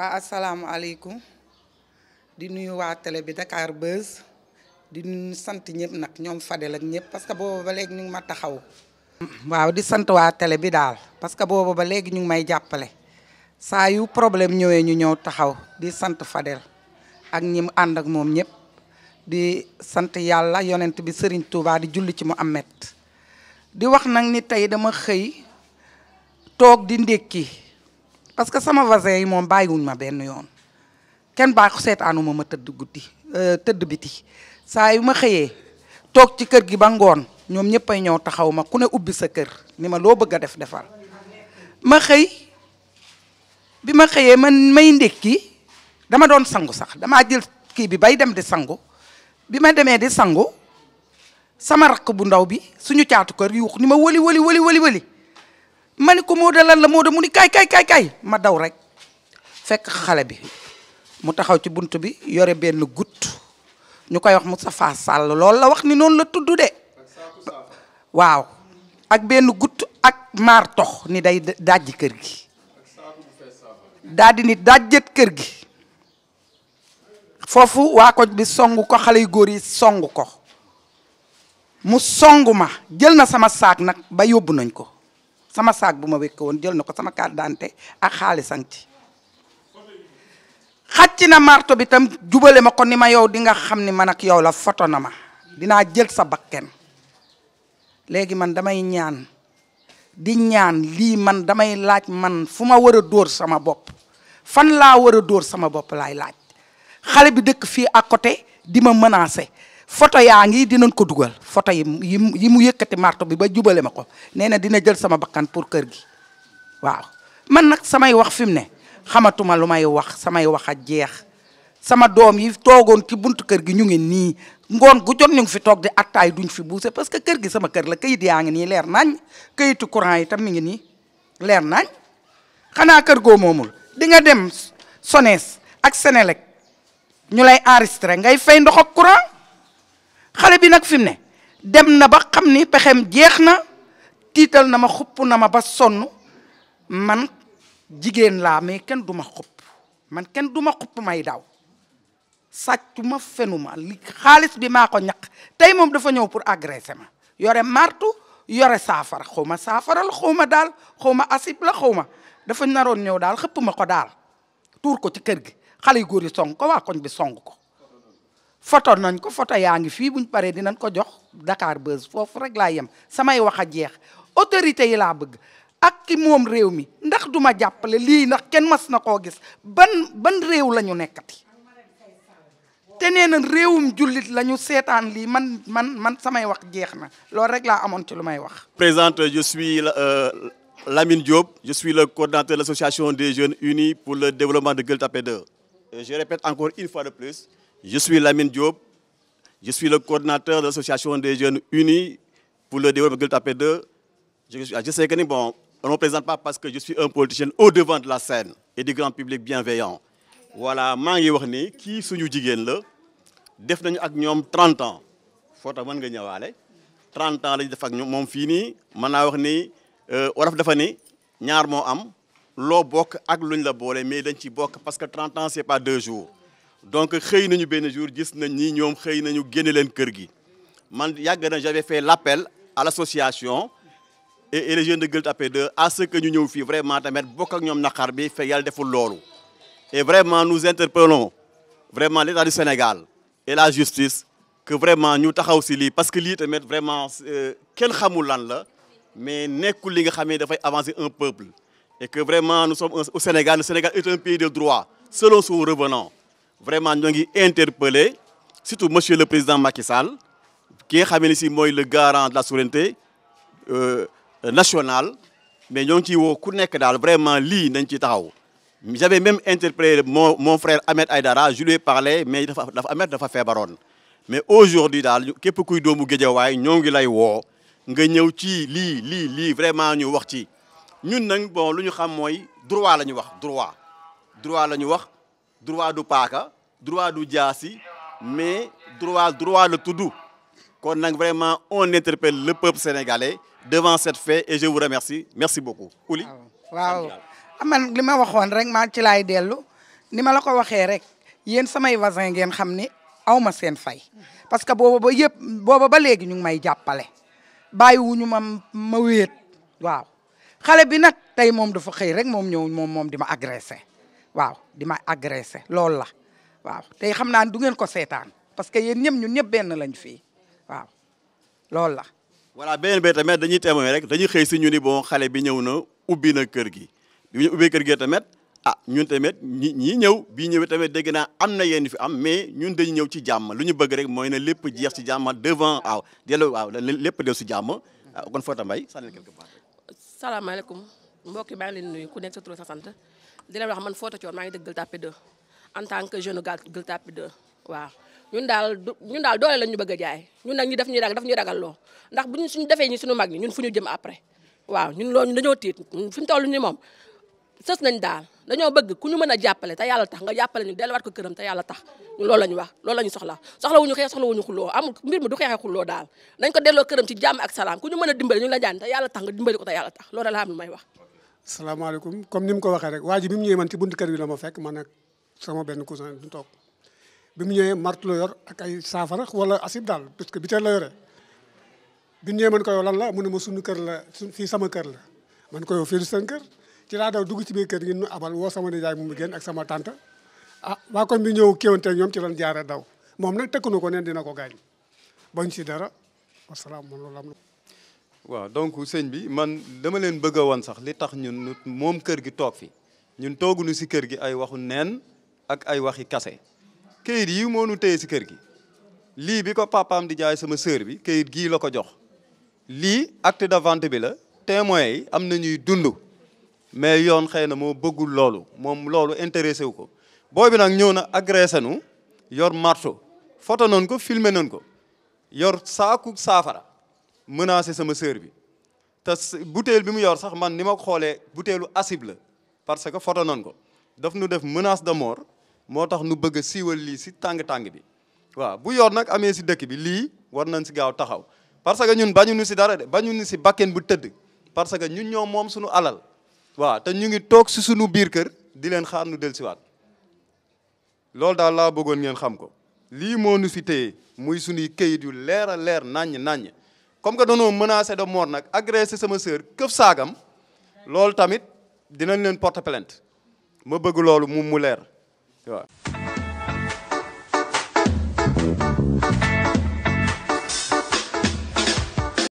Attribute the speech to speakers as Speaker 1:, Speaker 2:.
Speaker 1: waa asalaamualeykum di nuyu waa tele bi Dakar Buzz di nuyu sant ñëpp nag ñoom Fadel ak ñëpp parce que boobu ba léegi ñu ngi ma taxaw. waaw di sant waa télé bi daal parce que boobu ba léegi ñu ngi may jàppale saa yu problème ñëwee ñu ñëw taxaw di sant Fadel ak ñi ànd ak moom ñëpp di sant yàlla yonent bi sëriñ Touba di julli ci Muhammad di wax nag ni tey dama xëy toog di ndékki. parce que sama voisin yi moom bàyyiwuñ ma benn yoon kenn baax seetaanuma ma tëdd guddi euh, tëdd biti saa yu ma xëyee toog ci kër gi ba ngoon ñoom ñëpp ay ñëw taxaw ma ku ne ubbi sa kër ni ma loo bëgg a def defal ma xëy bi ma xëyee man may ki dama doon sangu sax damaa jël kii bi bay dem di sangu bi ma demee di sangu sama raq bu ndaw bi suñu caatu kër yuux ni ma wëli wëli wëli wëli wëli ma ni ko moo da lan la moo da mu ni kay kay kaay kaay ma daw rek fekk xale bi mu taxaw ci bunt bi yore benn gut ñu koy wax mu safaa sàll lool la wax ni noonu la tudd de waaw ak benn gut ak maar tox ni day dajji kër gi daa di kër gi foofu waa koj bi songu ko xale yu góor yi songu ko mu songu ma jël na sama saak nag ba yóbbu nañ ko sama saak bu ma wékk woon jël na ko sama carte d'identité ak xaalisam ci xàcc na marto bi tam jubale ma ko ni ma yow di nga xam ni man ak yow la foto na ma dinaa jël sa bakken léegi man damay ñaan di ñaan lii man damay laaj man fu ma war a dóor sama bopp fan laa war a dóor sama bopp laay laaj xale bi dëkk fii à côté di ma menacer photo yaa ngi dinañ ko dugal photo yi yi mu yëkkati marto bi ba jubale ma ko nee na dina jël sama bakkan pour kër gi waaw man nag samay wax fi mu ne xamatuma lu may wax samay wax a jeex sama doom yi toogoon ci buntu kër gi ñu ngi nii ngoon gu jot ñu ngi fi toog di attaay duñ fi buuse parce que kër gi sama kër la kayit yaa ngi nii leer nañ kayitu courant yi tam mi ngi nii leer nañ xanaa kër goo moomul di nga dem sonees ak Senelec ñu lay enregistré ngay fay ndox ak xale bi nag fi ne dem na ba xam ni pexem jeex na tiital na ma xupp na ma ba sonn man jigéen laa mai kenn du ma xupp man kenn du ma xupp may daaw sàccu ma fenu ma li xaalis bi maa ko ñaq tey moom dafa ñëw pour agresser ma yore martu yore saafara xaw ma saafara la xaw ma daal xaw ma asib la xaw ma dafa naroon ñëw daal xëpp ma ko daal tuur ko ci kër gi xale yu góor yi song ko waa koñ bi song ko photo nañ ko photo yaa ngi fii buñ paree dinañ ko jox Dakar Buzz foofu rek laa yem samay wax a jeex autorité yi laa bëgg ak ki moom réew mi ndax du duma jàppale lii ndax kenn mas na koo gis ban ban réew la ñu nekkati te nee na réewum jullit lañu seetaan lii man man man samay wax jeex na loolu rek laa amoon ci lu may wax.
Speaker 2: Présente je suis euh, Lamine Diop je suis le coordinateur de l'association des jeunes unis pour le développement de Gueule Tapée 2 euh, je répète encore une fois de plus. Je suis Lamine Diop, je suis le coordinateur de l'association des jeunes unis pour le développement de Gueule-Tapée 2. Je, ah, je, sais bon, on ne présente pas parce que je suis un politicien au-devant de la scène et du grand public bienveillant. Voilà, maa ngi wax ni kii suñu jigéen la def nañu ak ñoom 30 ans foo tax mën nga ñëwaale 30 ans lañu def ak ñoom moom fii nii mën naa wax ni euh, waraf dafa ni ñaar moo am loo bokk ak luñ la boole mais dañ ci bokk parce que 30 ans c'est pas deux donc xëy nañu benn jour gis nañ ni ñoom xëy nañu génne leen kër gi man yàgg na j'avais fait l'appel à l'association et les jeunes de Gueule Tapée 2 à ce ñu ñëw fii vraiment tamit bokk ak ñoom naqar bi fekk yàlla deful loolu et vraiment nous interpellons vraiment l'état du Sénégal et la justice que vraiment ñu taxaw si lii parce que lii tamit vraiment euh, kenn xamul lan la mais nekkul li nga xam ne dafay avancer un peuple et que vraiment nu sommes au Sénégal le Sénégal est un pays de droit selon son revenant vraiment ñoo ngi interpellé surtout monsieur le président Macky Sall ki nga xam ne si mooy le garant de la souveraineté euh, national mais ñoo ngi ciy woo ku nekk daal vraiment lii nañ ci taxaw j'avais même interpellé mon mon frère Ahmed Aïdara je lui ai mais dafa dafa Ahmed dafa feebaroon mais aujourd'hui daal képp kuy doomu Géejawaay ñoo ngi lay woo nga ñëw ci lii lii lii vraiment ñu wax ci ñun nag bon lu ñu xam mooy droit la ñu wax droit droit la ñu wax droit du paaka droit du jaasi mais droit droit la tudd kon nag vraiment on interpelle le peuple sénégalais devant cette fait et je vous remercie merci beaucoup Ouli
Speaker 1: waaw ah, man li ma waxoon rek maa ci laay dellu ni ma la ko waxee rek yéen samay voisin ngeen xam ni aw ma seen fay parce que booba ba yëpp booba ba léegi ñu ngi may jàppale bàyyiwuñu ma ma wéet waaw xale bi nag tey moom dafa xëy rek moom ñëw moom moom di ma agressé waaw dima ma agressé loolu la waaw tey xam naa ne du ngeen ko seetaan parce que yéen ñëpp ñun ñëpp benn lañ fii waaw loolu la.
Speaker 2: voilà beneen bi tamit dañuy témoin rek dañuy xëy si ñu ni bon xale bi ñëw na ubbi na kër gi bi ñu kër gi tamit ah ñun tamit ñi ñii ñëw bii ñëwee tamit dégg naa am na yenn fi am mais ñun dañu ñëw ci jàmm lu ñu bëgg rek mooy na lépp jeex si jàmm devant waaw delloo waaw lépp dellu si jàmm ah, kon Fata Mbaye.
Speaker 1: salaamaaleykum mbokk yi maa ngi leen ku nekk sa sant. di leen wax man Fodé Thior maa ngi dëkk Gueule Tapée 2 en tant que jeune Gueule Tapée 2 waaw ñun daal ñun daal doole lañ ñu bëgg a jaay ñun nag ñu def ñuy ragal daf ñuy ragal loo ndax bu ñu suñu defee ñi suñu mag ñi ñun fu ñu jëm après waaw ñun loolu dañoo tiit fi mu toll nii moom sës nañ daal dañoo bëgg ku ñu mën a jàppale te yàlla tax nga jàppale ñu delluwaat ko këram te yàlla tax ñun loolu la ñu wax loolu la ñu soxla soxlawuñu xeex soxlawuñu xulloo amul mbir mi du xeexee xulloo daal nañ ko delloo këram ci jàmm ak salaam ku ñu mën a dimbali ñu la jaan te yàlla tax nga dimbali ko te yàlla tax loolu la am lu may wax
Speaker 3: salaamaaleykum comme ni mu ko waxee rek waa ji bi mu ñëwee man ci buntu kër bi la ma fekk man nag sama benn cousin du toog bi mu ñëwee martu la yor ak ay saafara wala asib daal parce que bi teel la yore bi mu ñëwee man ko yow lan la mu ne ma sunu kër la fii sama kër la man ko yow fii du seen ci laa daw dugg ci biir kër gi nu abal woo sama nijaay mu génn ak sama tànt ah waa kon bi ñëw kéwanteeg ñoom ci lan jaaree daw moom nag tekku ko neen dina ko gaañ bañ ci dara wasalaam man loolu am waaw donc sëñ bi man dama leen bëgg a woon sax li tax ñun moom kër gi toog fi ñun tooguñu si kër gi ay waxu neen ak ay waxi kase kayit yi moo nu téye si kër gi lii bi ko papaam di jaay sama sœur bi kayit gii la ko jox lii acte de vente bi la témoins yi am na ñuy dund mais yoon xëy na moo bëggul loolu moom loolu intéressé wu ko booy bi nag ñëw na agressé nu yor marto photo noonu ko filmer noonu ko yor saaku saafara menacé sama sœur bi te butéel bi mu yor sax man ni ma ko xoolee butéelu acide la parce que foto nañ ko daf nu def menace de mort moo tax nu bëgg a siiwal lii si tàng-tàng bi waaw bu yor nag amee si dëkk bi lii war nañ si gaaw taxaw parce que ñun bañu nu si dara de bañu nu si bakken bu tëdd parce que ñun ñoo moom suñu alal waaw te ñu ngi toog si suñu biir kër di leen xaar nu del siwaat loolu daal laa bëggoon ngeen xam ko lii moo nu fi téye muy suñuy këyit yu leer a leer naññ naññ comme que danoo menacé de mort nag agressé sama sœur këf saagam loolu tamit dinañ leen porter plainte ma bëgg loolu mu mu leer waaw